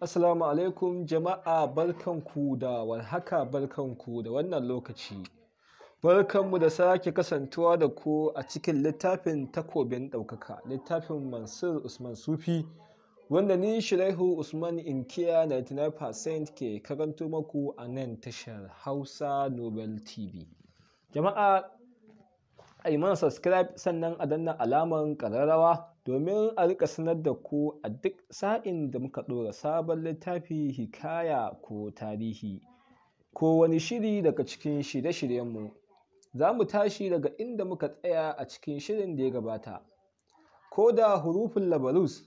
Assalamu alaikum jama'a barkanku da warhaka barkanku da wannan lokaci. Barkanmu da sake kasantuwa da ku a cikin littafin takobin ɗaukaka, littafin Mansur Usman Sufi, wanda ni Shiraihu Usman Inkiya 99% ke karanto maku a nan tashar Hausa Nobel TV. Jama'a, a yi mana subscribe sannan a danna alamar ƙararrawa domin a riƙa sanar da ku a duk sa'in da muka ɗora sabon littafi hikaya ko tarihi ko wani shiri daga cikin shirye-shiryenmu za mu tashi daga inda muka tsaya a cikin shirin da ya gabata ko da hurufin labarus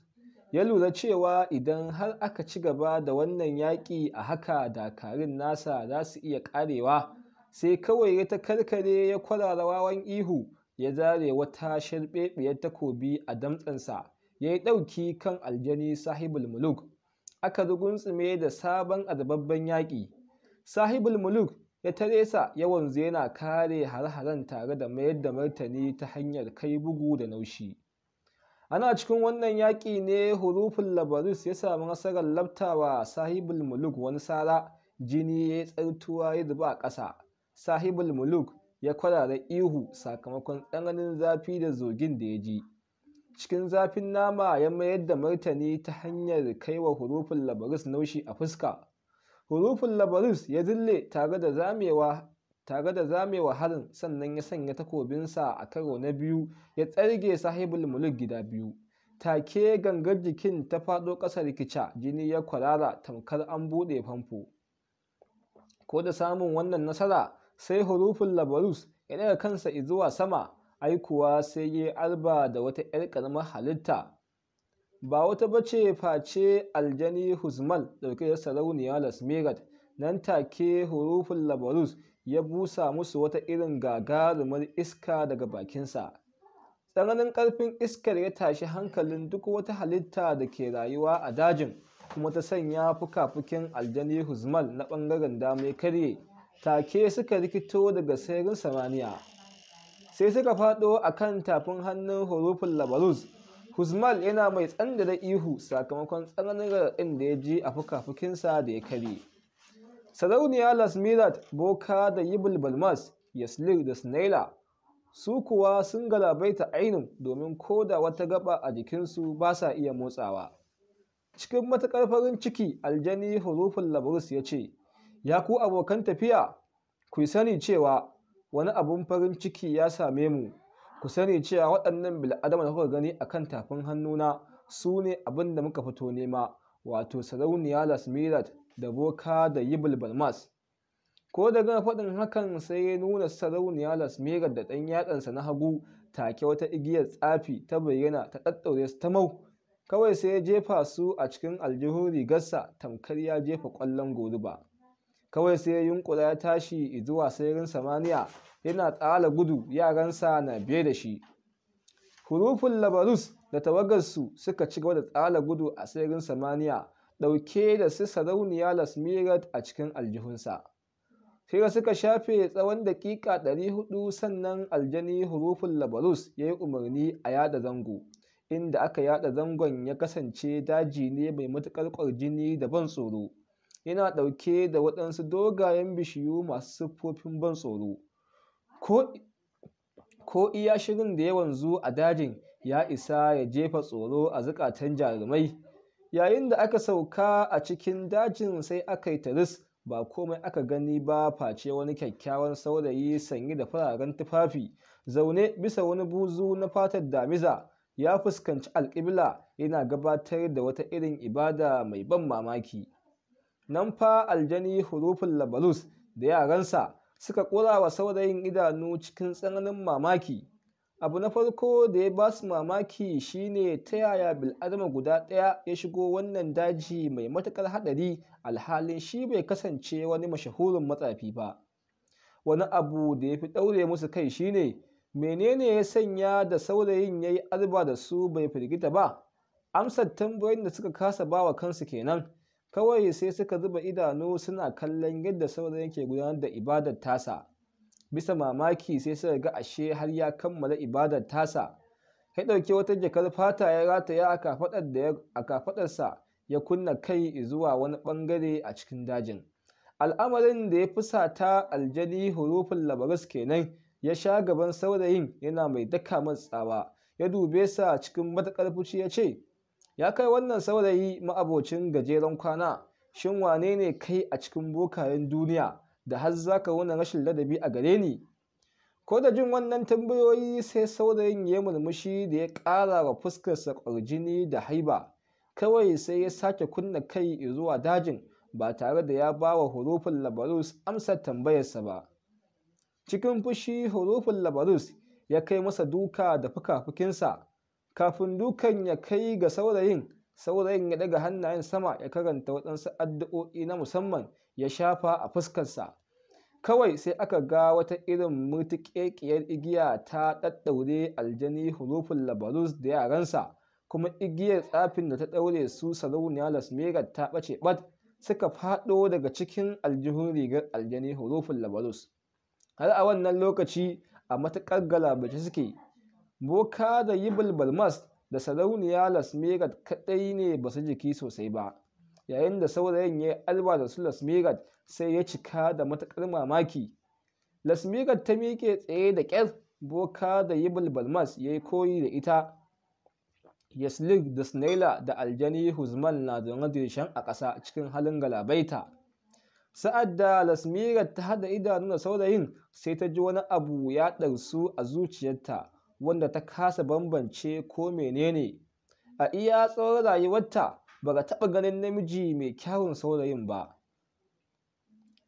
ya lura cewa idan har aka ci gaba da wannan yaƙi a haka dakarun nasa za su iya ƙarewa sai kawai ya ta karkare ya kwarara wawan ihu ya zare wata sharɓeɓiyar takobi a damtsansa ya yi ɗauki kan aljani sahibul muluk aka rugunsume da sabon azababben yaƙi sahibul muluk ya tare sa yawan yana kare har-haren tare da mayar da martani ta hanyar kai bugu da naushi ana cikin wannan yaƙi ne hurufin labarus ya samu nasarar labtawa sahibul muluk wani sara jini ya yi tsartuwa ya zuba a ƙasa sahibul muluk ya kwarara ihu sakamakon tsananin zafi da zogin da ya ji cikin zafin nama ya mayar da martani ta hanyar kai wa hurufin labaris naushi a fuska hurufin labaris ya zille tare da zamewa tare da zamewa harin sannan ya sanya takobinsa a karo na biyu ya tsarge sahibul muluk gida biyu take gangar jikin ta faɗo ƙasa rikica jini ya kwarara tamkar an buɗe famfo ko da samun wannan nasara sai hurufin labarus ya daga kansa zuwa sama aikuwa sai ya arba da wata 'yar ƙaramar halitta ba wata bace face aljani huzmal ɗauke da sarauniya lasmirat nan take hurufin labarus ya busa musu wata irin gagarumar iska daga bakinsa tsananin ƙarfin iskar ya tashi hankalin duk wata halitta da ke rayuwa a dajin kuma ta sanya fuka-fukin aljani huzmal na ɓangaren dama ya karye take suka rikito daga sayarin samaniya sai suka faɗo a kan tafin hannun hurufin labarus huzmal yana mai tsandara ihu sakamakon tsananin raɗaɗin da ya ji a fuka-fukinsa da ya kare sarauniya Las lasmirat boka da yibul balmas yaslir da snaila su kuwa sun galabaita ainin domin ko da wata gaba a jikinsu ba sa iya motsawa cikin matuƙar farin ciki aljani hurufin labarus ya ce ya ku abokan tafiya ku sani cewa wani abun farin ciki ya same mu ku sani cewa waɗannan bil'adama da kuka gani a kan tafin hannuna su ne abin da muka fito nema wato sarauniya las lasmirat da boka da yibul balmas ko da gana faɗin hakan sai ya nuna sarauniya las lasmirat da ɗan yatsansa na hagu take wata igiyar tsafi ta bayyana ta ɗaɗɗaure su ta mau kawai sai ya jefa su a cikin aljihun rigarsa tamkar ya jefa ƙwallon goruba kawai sai ya yunkura ya tashi zuwa sararin samaniya yana tsala gudu yaransa na biye da shi hurufin labarus da tawagarsu suka ci gaba da tsala gudu a sararin samaniya ɗauke da su sarauniya lasmirat a cikin aljihunsa Hira suka shafe tsawon daƙiƙa 400 sannan aljani hurufin labarus ya yi umarni a yada zango inda aka yada zangon ya kasance daji ne mai matuƙar ƙwarjini da ban tsoro yana ɗauke da waɗansu dogayen bishiyu masu siffofin ban tsoro ko iya shirin da ya wanzu a dajin ya isa ya jefa tsoro a zukatan jarumai yayin da aka sauka a cikin dajin sai aka yi taris ba komai aka gani ba face wani kyakkyawan saurayi sanye da fararen tufafi zaune bisa wani buzu na fatar damiza ya fuskanci alƙibla yana gabatar da wata irin ibada mai ban mamaki nan aljani hurufin labalus da yaransa suka ƙura wa saurayin idanu cikin tsananin mamaki abu na farko da ya ba su mamaki shine ta yaya bil'adama guda ɗaya ya shigo wannan daji mai matuƙar haɗari alhalin shi bai kasance wani mashahurin matsafi ba wani abu da ya fi ɗaure musu kai shine menene ya sanya da saurayin ya yi arba da su bai firgita ba amsar tambayoyin da suka kasa ba wa kansu kenan kawai sai suka zuba idanu suna kallon yadda saurayin ke gudanar da ibadar tasa bisa mamaki sai suka ga ashe har ya kammala ibadar tasa ya ɗauke wata jakar fata ya rataya a kafaɗarsa ya kunna kai zuwa wani ɓangare a cikin dajin al'amarin da ya fi fusata aljani hurufin labaris kenan ya sha gaban saurayin yana mai daka matsawa ya dube sa cikin matakar fushi ya ce ya kai wannan saurayi ma'abocin gajeren kwana shin wane ne kai a cikin bokayen duniya da har za ka wani rashin ladabi a gare ni ko da jin wannan tambayoyi sai saurayin ya murmushi da ya ƙara wa fuskarsa ƙwarjini da haiba kawai sai ya sake kunna kai zuwa dajin ba tare da ya ba wa hurufin labarus amsar tambayarsa ba cikin fushi hurufin labarus ya kai masa duka da fuka-fukinsa kafin dukan ya kai ga saurayin saurayin ya daga hannayen sama ya karanta waɗansu addu'o'i na musamman ya shafa a fuskarsa kawai sai aka ga wata irin mutuƙeƙiyar igiya ta ɗaɗɗaure aljani hurufin labarus da yaransa kuma igiyar tsafin da ta ɗaure su sarauniya lasmerar ta ɓace ɓat suka faɗo daga cikin aljihun rigar aljani hurufin labarus har a wannan lokaci a matuƙar galabace suke boka da yibul balmas da sarauniya megat kaɗai ne ba su jiki sosai ba yayin da saurayin ya yi alba da su megat sai ya cika da matuƙar mamaki megat ta miƙe tsaye da ƙyar boka da yibul balmas ya yi koyi da ita yaslik da snaila da aljani huzman na zaune dirshen a ƙasa cikin halin galabaita sa'ad da lasmirat ta haɗa idanu da saurayin sai ta ji wani abu ya ɗarsu a zuciyarta wanda ta kasa bambance ko menene a iya tsawon rayuwarta ba ka taɓa ganin namiji mai kyawun saurayin ba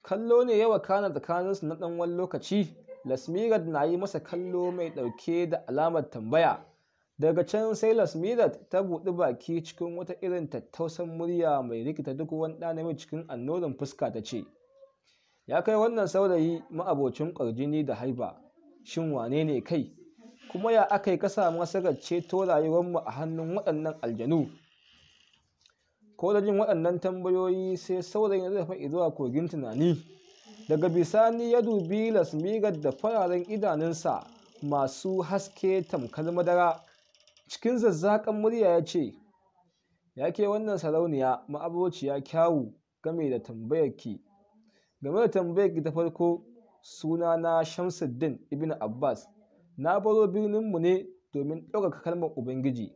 kallo ne yawa kana tsakaninsu na ɗan wani lokaci lasmirat na yi masa kallo mai ɗauke da alamar tambaya daga can sai lasmirat ta buɗi baki cikin wata irin tattausan murya mai rikita duk wani ɗan namiji cikin annorin fuska ta ce ya kai wannan saurayi ma'abocin ƙwarjini da haiba shin wane ne kai kuma ya aka yi kasa masarar ceto rayuwarmu a hannun waɗannan aljanu ko da jin waɗannan tambayoyi sai saurayin zai faɗi zuwa kogin tunani daga bisani ya dubi lasmigar da fararen idanunsa masu haske tamkar madara cikin zazzakan murya ya ce ya ke wannan sarauniya ya kyawu game da tambayarki game da tambayarki ta farko suna na shamsuddin ibn abbas na baro birninmu ne domin ɗaukaka kalmar Ubangiji.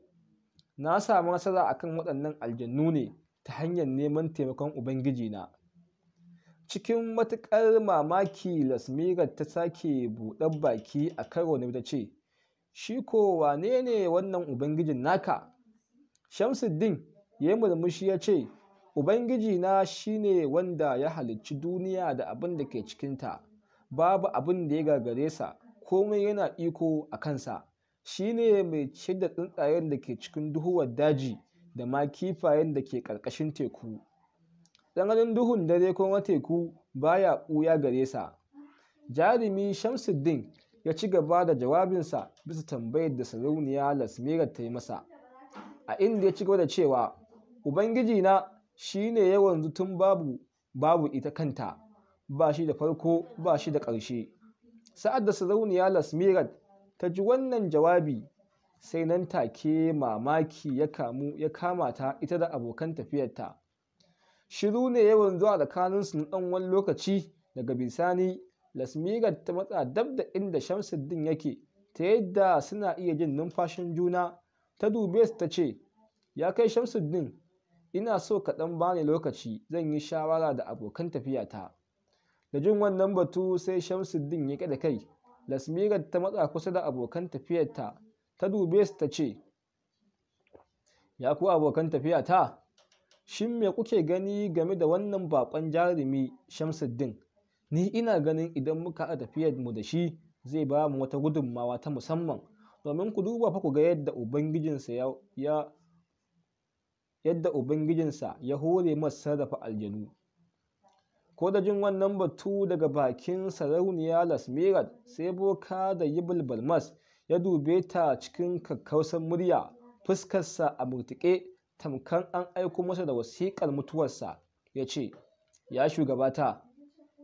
Na samu nasara akan waɗannan aljannu ne ta hanyar neman taimakon ubangiji na Cikin matuƙar mamaki lasmira ta sake buɗar baki a karo na ta ce, Shi ko wane ne wannan Ubangijin naka? Shamsuddin ya yi murmushi ya ce, Ubangijina shi ne wanda ya halicci duniya da abin da ke cikinta, babu abin da ya gagare sa. komai yana iko a kansa shi ne mai ciyar da tsuntsayen da ke cikin duhuwar daji da ma kifayen da ke ƙarƙashin teku tsananin duhun dare ko teku baya ɓuya gare sa jarumi shamsuddin ya ci gaba da jawabinsa bisa tambayar da sarauniya lasmira ta yi masa a inda ya ci gaba da cewa ubangiji na shi ne yawan tun babu babu ita kanta ba shi da farko ba shi da ƙarshe sa'ad da sarauniya lasmirat ta ji wannan jawabi sai nan take mamaki ya kamu ya kama ita da abokan tafiyarta shiru ne yawan zuwa tsakaninsu na ɗan wani lokaci daga bisani lasmirat ta matsa dab da inda shamsuddin yake ta yadda suna iya jin numfashin juna ta dube su ta ce ya kai shamsuddin ina so ka ɗan bani lokaci zan yi shawara da abokan tafiyata da jin wannan batu sai shamsuddin ya da kai lasmirar ta matsa kusa da abokan tafiyarta ta dube su ta ce ya ku abokan tafiyata shin me kuke gani game da wannan bakon jarumi shamsuddin ni ina ganin idan muka a tafiyar mu da shi zai ba mu wata gudunmawa ta musamman domin ku duba fa ku ga yadda ubangijinsa ya, ya yadda ubangijinsa ya hore masa sarrafa aljanu ko da jin wannan batu daga bakin sarauniya Las lasmirat sai boka da yibul balmas ya dube ta cikin kakkausan murya fuskarsa a murtuƙe tamkan an aiko masa da wasiƙar mutuwarsa ya ce ya shugabata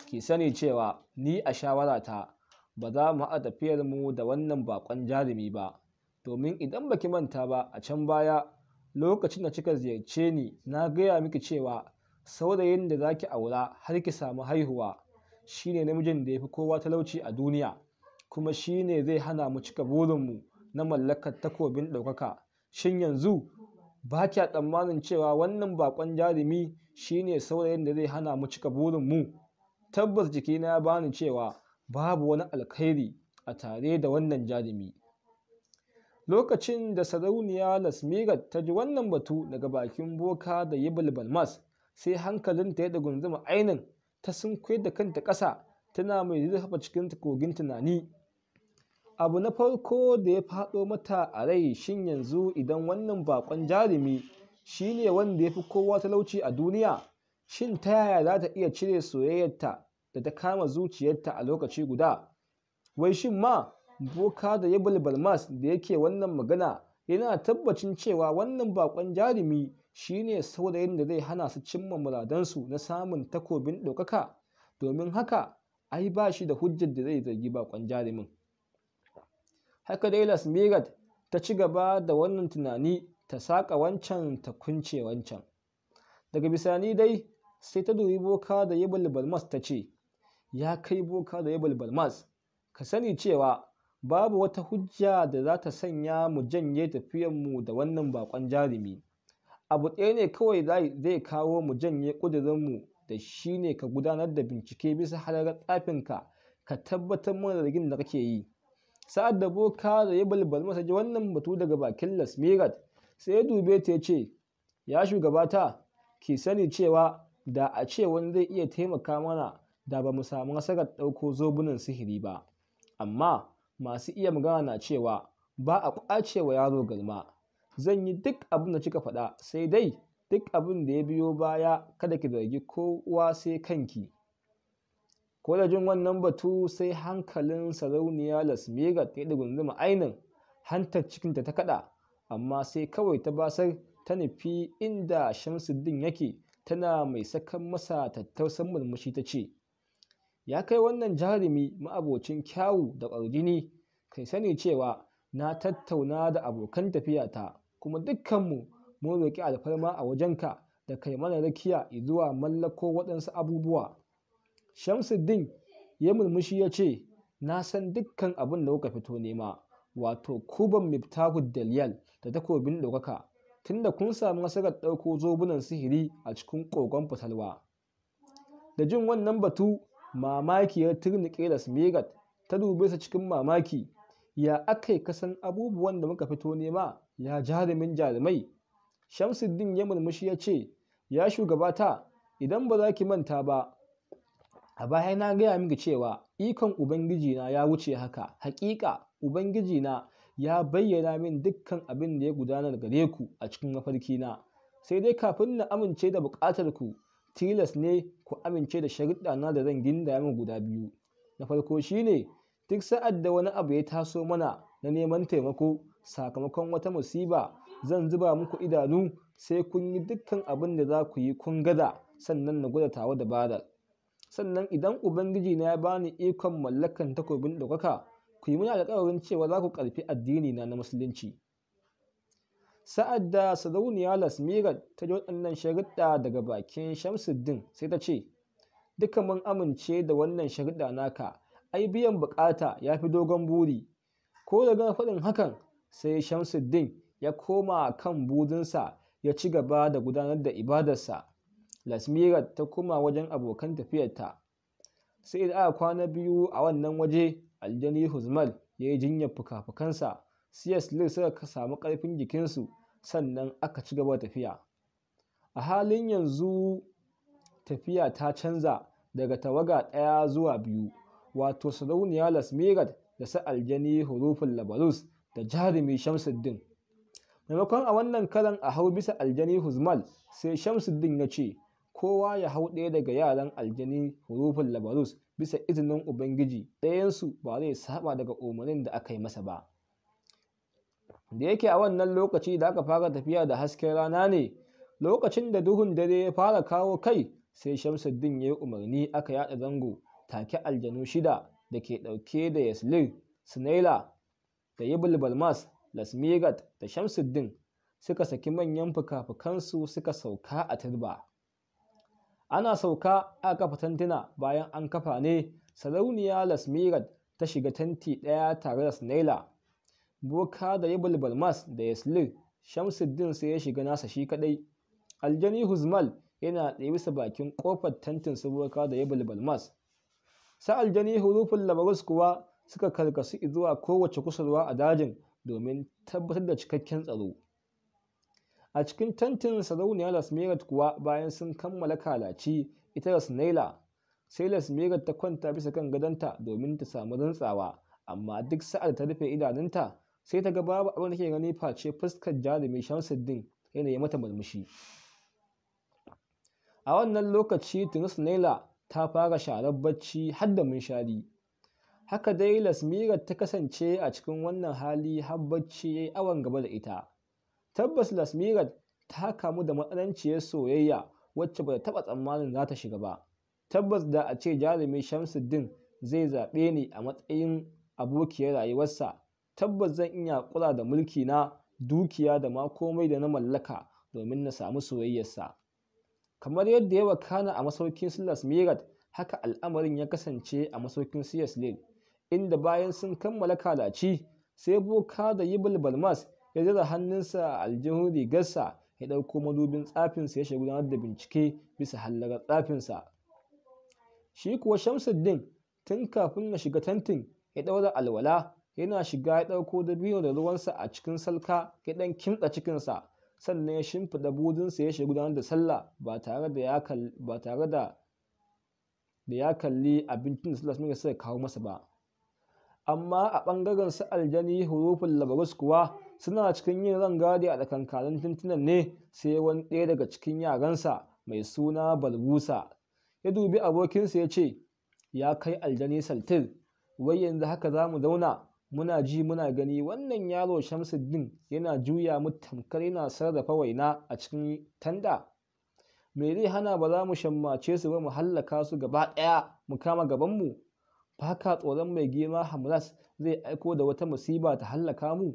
ki sani cewa ni a shawarata ba za mu haɗa tafiyarmu da wannan baƙon jarumi ba domin idan baki manta ba a can baya lokacin da kika ziyarce ni na gaya miki cewa saurayin da za ki aura har ki samu haihuwa shine namijin da ya fi kowa talauci a duniya kuma shi ne zai hana mu cika burinmu na mallakar takobin ɗaukaka shin yanzu ba kya tsammanin cewa wannan bakon jarumi ne saurayin da zai hana mu cika burinmu tabbas jikina ya bani cewa babu wani alkhairi a tare da wannan jarumi lokacin da sarauniya lasmirat ta ji wannan batu daga bakin boka da yibul balmas sai hankalinta ya zama ainin ta sunkuyar da kanta ƙasa tana mai zurfafa cikin kogin tunani abu na farko da ya faɗo mata a rai shin yanzu idan wannan bakon jarumi ne wanda ya fi kowa talauci a duniya shin ta yaya za ta iya cire soyayyarta da ta kama zuciyarta a lokaci guda wai shin ma boka da ya bulbalmas da yake wannan magana yana tabbacin cewa wannan bakon jarumi shi ne saurayin da zai hana su cimma muradansu na samun takobin ɗaukaka domin haka ai ba shi da hujjar da zai zargi baƙon jarumin haka dai lasmirat ta ci gaba da wannan tunani ta saƙa wancan ta kunce wancan daga bisani dai sai ta dubi boka da yabal balmas ta ce ya kai boka da yabal balmas ka sani cewa babu wata hujja da za ta sanya mu janye tafiyanmu da wannan bakon jarumi abu ɗaya ne kawai zai kawo mu janye ƙudurinmu da shi ne ka gudanar da bincike bisa halarar tsafinka ka tabbatar mana zargin da kake yi sa'ad da boka da ya balbal masa ji wannan batu daga bakin lasmirat sai ya dube ta ya ce ya shugabata ki sani cewa da a ce wani zai iya taimaka mana da ba mu samu nasarar ɗauko zobunan sihiri ba amma masu iya magana na cewa ba a ƙwace wa yaro galma zan yi duk abin da kika faɗa sai dai duk abin da ya biyo baya kada ki zargi kowa sai kanki ko da jin wannan batu sai hankalin sarauniya lasmigat ya ɗigunzuma ainin hantar cikinta ta kaɗa amma sai kawai ta basar ta nufi inda shamsuddin yake tana mai sakan masa tattausan murmushi ta ce ya kai wannan jarumi ma'abocin kyawu da ƙwarjini kai sani cewa na tattauna da abokan tafiyata kuma dukkanmu mu roƙi alfarma a wajenka da kai mana rakiya zuwa mallako waɗansu abubuwa. Shamsuddin ya murmushi ya ce, Na san dukkan abin da kuka fito nema, wato kuban Miftahud Dalyal da takobin ɗaukaka, tunda kun samu nasarar ɗauko zobunan sihiri a cikin ƙoƙon fitalwa. Da jin wannan batu, mamaki ya turnike da Smirat ta dube su cikin mamaki, ya aka yi kasan abubuwan da muka fito nema ya jarumin jarumai shamsuddin ya murmushi ya ce ya shugabata idan ba za ki manta ba a baya na gaya miki cewa ikon ubangijina ya wuce haka haƙiƙa ubangijina ya bayyana min dukkan abin da ya gudanar gare ku a cikin mafarkina sai dai kafin na amince da buƙatar ku tilas ne ku amince da sharuɗa na da zan gindaya min guda biyu na farko shine duk sa'ad da wani abu ya taso mana na neman taimako sakamakon wata musiba zan zuba muku idanu sai kun yi dukkan abin da za ku yi kun gada sannan na gwada tawa dabarar sannan idan ubangiji na ya bani ikon mallakan takobin ɗaukaka ku yi muna alƙawarin cewa za ku ƙarfi addini na na musulunci sa'ad da sarauniya lasmirat ta ji waɗannan shariɗa daga bakin shamsuddin sai ta ce duka mun amince da wannan shariɗa naka ai biyan buƙata ya fi dogon buri ko da gana faɗin hakan sai Shamsuddin ya koma kan budinsa ya ci gaba da gudanar da ibadarsa. Lasmirat ta koma wajen abokan tafiyarta. Sai da aka kwana biyu a wannan waje aljani Huzmal ya yi jinyar fuka-fukansa, CS Lee suka samu ƙarfin jikinsu sannan aka ci gaba tafiya. A halin yanzu tafiya ta canza daga tawaga ɗaya zuwa biyu, wato sarauniya Lasmirat da sa aljani hurufin Labarus da jarumi Shamsuddin. Maimakon a wannan karan a hau bisa aljani Huzmal sai Shamsuddin ya ce kowa ya hau ɗaya daga yaran aljani hurufin Labarus bisa izinin Ubangiji ɗayansu ba zai saba daga umarnin da aka yi masa ba. Da yake a wannan lokaci da aka fara tafiya da hasken rana ne lokacin da duhun dare ya fara kawo kai sai Shamsuddin ya yi umarni aka yaɗa zango take aljanu shida da ke ɗauke da Yaslir, sinaila. da Ibn Balmas, Lasmigat da Shamsuddin suka saki manyan fuka-fukansu suka sauka a turba. Ana sauka a kafa tantuna bayan an kafa ne sarauniya Lasmirat ta shiga tanti ɗaya tare da Snaila. Boka da Ibn Balmas da Yaslir Shamsuddin sai ya shiga nasa shi kaɗai. Aljani Huzmal yana ɗaya bisa bakin ƙofar tantin su boka da Ibn Balmas. Sa aljani hurufin labarus kuwa suka karkasu zuwa kowace kusurwa a dajin domin tabbatar da cikakken tsaro a cikin tantin sarauniya Lasmirat kuwa bayan sun kammala kalaci ita sinaila sai Lasmirat ta kwanta bisa kan gadonta domin ta samu rantsawa amma duk sa'ar ta rufe idanunta sai ta ga babu abin da ke gani face fuskar jarumi shamsuddin yanayi mata murmushi a wannan lokaci tunis naila ta fara sharar bacci har da munshari Haka dai Lasmirat ta kasance a cikin wannan hali har bacci ya yi awon gaba da ita. Tabbas Lasmirat ta kamu da matsananciyar soyayya wacce ba ta taɓa tsammanin za ta shiga ba. Tabbas da a ce jarumi Shamsuddin zai zaɓe ni a matsayin abokiyar rayuwarsa, tabbas zan iya kula da mulki na dukiya da ma komai da na mallaka domin na samu soyayyarsa. Kamar yadda ya wakana a masaukin su Lasmirat, haka al'amarin ya kasance a masaukin su lane inda bayan sun kammala kalaci sai boka da yibul balmas ya zira hannunsa a aljihun rigarsa ya ɗauko madubin tsafinsa ya shiga gudanar da bincike bisa hallarar tsafinsa shi kuwa shamsuddin tun kafin na shiga tantin ya ɗaura alwala yana shiga ya ɗauko dabino da ruwansa a cikin salka ya ɗan kimtsa cikinsa sannan ya shimfiɗa budinsa ya shiga gudanar da sallah ba tare da ya kalli abincin da sallah suka kawo masa ba amma a ɓangaren su aljani hurufin labarus kuwa suna cikin yin rangadi a tsakankanin tuntunan ne sai wani ɗaya daga cikin yaransa mai suna balbusa ya dubi abokinsa ya ce ya kai aljani saltir wai yanzu haka za mu zauna muna ji muna gani wannan yaro shamsuddin yana juya mu tamkar yana sarrafa waina a cikin tanda me zai hana ba za mu shammace su ba mu hallaka su gaba ɗaya mu kama gabanmu ba haka tsoron mai girma Hamras zai aiko da wata musiba ta hallaka mu?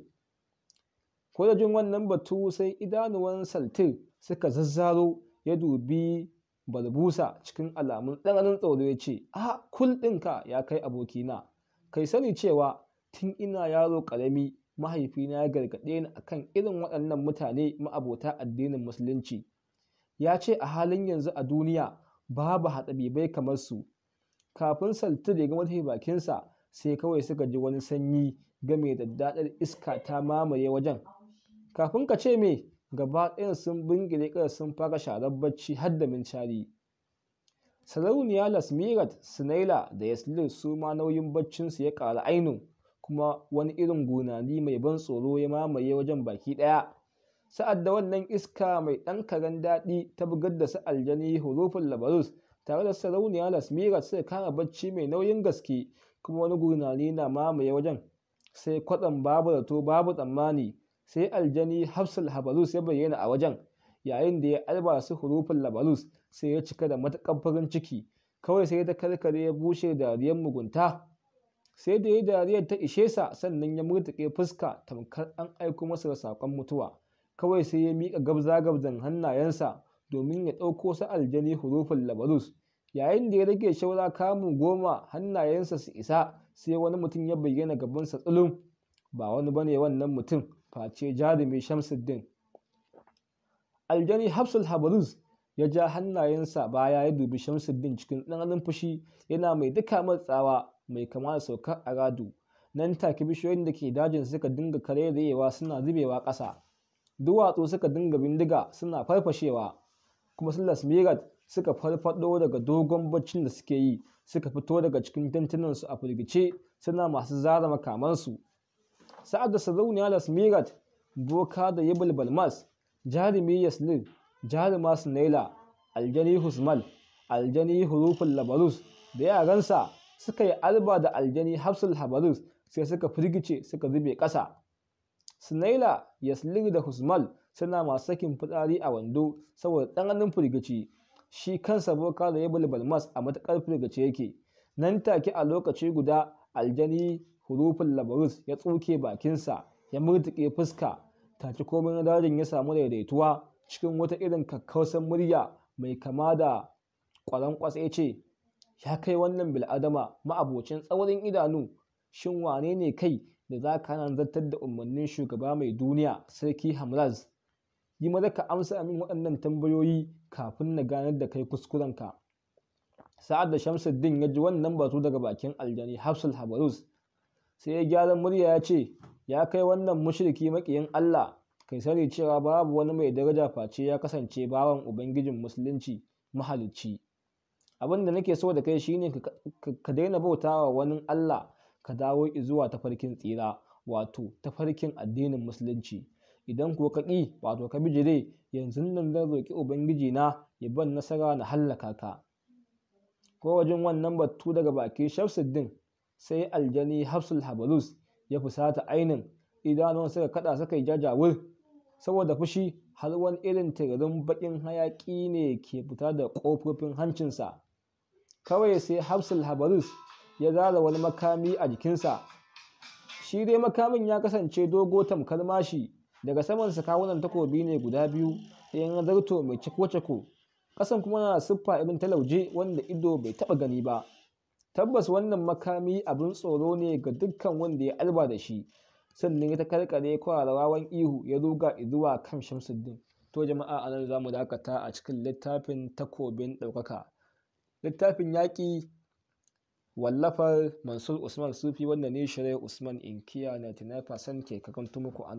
Ko da jin wannan batu sai idanuwan Saltir suka zazzaro ya dubi Barbusa cikin alamun ɗanɗanon tsoro ya ce, A kul ɗinka ya kai abokina, kai sani cewa tun ina yaro ƙarami mahaifina ya gargaɗe ni akan irin waɗannan mutane ma'abota addinin Musulunci. Ya ce a halin yanzu a duniya babu haɗabibai kamar su Kafin da ya gama mafi bakinsa, sai kawai suka ji wani sanyi game da daɗar iska ta mamaye wajen. Kafin ka ce me, gaba ɗayan sun bingiɗe ƙasa sun fara sharar bacci har da mincari Sarauniya Lasmirat, sinaila da Yasmin su ma nauyin baccinsu ya ƙara ainun, kuma wani irin gunani mai ban tsoro ya mamaye wajen baki ɗaya. Sa'ad da wannan iska mai ɗan karen daɗi ta bugar da su aljani hurufin Labarus tare da sarauniya las miras sai kara bacci mai nauyin gaske kuma wani gurnani na mamaye wajen sai kwatsam babu zato babu tsammani sai aljani hafsul habalus ya bayyana a wajen yayin da ya alba su hurufin labalus sai ya cika da matakan farin ciki kawai sai ta karkare ya bushe dariyar mugunta sai da ya dariyar ta ishe sa sannan ya murtuke fuska tamkar an aiko masa da sakon mutuwa kawai sai ya miƙa gabza gabzan hannayensa domin ya ɗauko su aljani hurufin labalus yayin da ya rage shaura kamun goma hannayensa su isa sai wani mutum ya bayyana gabansa tsulum ba wani bane wannan mutum face jarumi shamsuddin aljani hafsul habaruz ya ja hannayensa baya ya dubi shamsuddin cikin tsananin fushi yana mai duka matsawa mai kama da saukar a radu nan take bishiyoyin da ke dajin suka dinga karerayewa suna zubewa ƙasa duwatsu suka dinga bindiga suna farfashewa kuma sun las suka farfaɗo daga dogon baccin da suke yi suka fito daga cikin tantunansu a firgice suna masu zara makamansu sa'ad da sarauniya lasmirat boka da yibul balmas jarumi Yaslir, jaruma Sinaila, aljani husmal aljani hurufin labarus da yaransa suka yi alba da aljani hafsul habarus sai suka firgice suka zube ƙasa sunaila Yaslir, da husmal suna masu sakin fitsari a wando saboda ɗanɗanin firgici shi kansa boka da ya bulbul mas a matuƙar firgace yake nan take a lokaci guda aljani hurufin labarus ya tsoke bakinsa ya murtuƙe fuska ta ci komai na dajin ya samu daidaituwa cikin wata irin kakkausan murya mai kama da ƙwaron ya ce ya kai wannan bil'adama ma'abocin tsaurin idanu shin wane ne kai da za ka zartar da umarnin shugaba mai duniya sarki hamraz yi maza ka amsa min waɗannan tambayoyi kafin na ganar da kai kuskurenka sa'ad da shamsuddin ya ji wannan batu daga bakin aljani hafsul habarus sai ya gyara murya ya ce ya kai wannan mushriki maƙiyin allah kai sani cewa babu wani mai daraja face ya kasance bawan ubangijin musulunci mahalicci abin da nake so da kai shine ka daina bauta wa wani allah ka dawo zuwa tafarkin tsira wato tafarkin addinin musulunci idan kuwa ka ƙi wato ka jire yanzu nan zan roƙi ubangiji na ya ban nasara na hallaka ka ko wajen wannan batu daga baki Shafsuddin, sai aljani hafsul habalus ya fusata ainin idanun suka kada suka yi jajawur saboda fushi har wani irin tirarin bakin hayaki ne ke fita da ƙofofin hancinsa kawai sai hafsul habarus ya zara wani makami a jikinsa shi dai makamin ya kasance dogo tamkar mashi daga saman su kawunan takobi ne guda biyu na zarto mai cako ciko. ƙasan kuma na siffa irin talauje wanda ido bai taɓa gani ba tabbas wannan makami abin tsoro ne ga dukkan wanda ya alba da shi sannan ya ta karkare rawawan ihu ya ruga zuwa kan shamsuddin to jama'a a nan za mu dakata a cikin littafin takobin ɗaukaka littafin yaƙi wallafar mansur usman sufi wanda ne shirai usman inkiya 99% ke kakantu muku an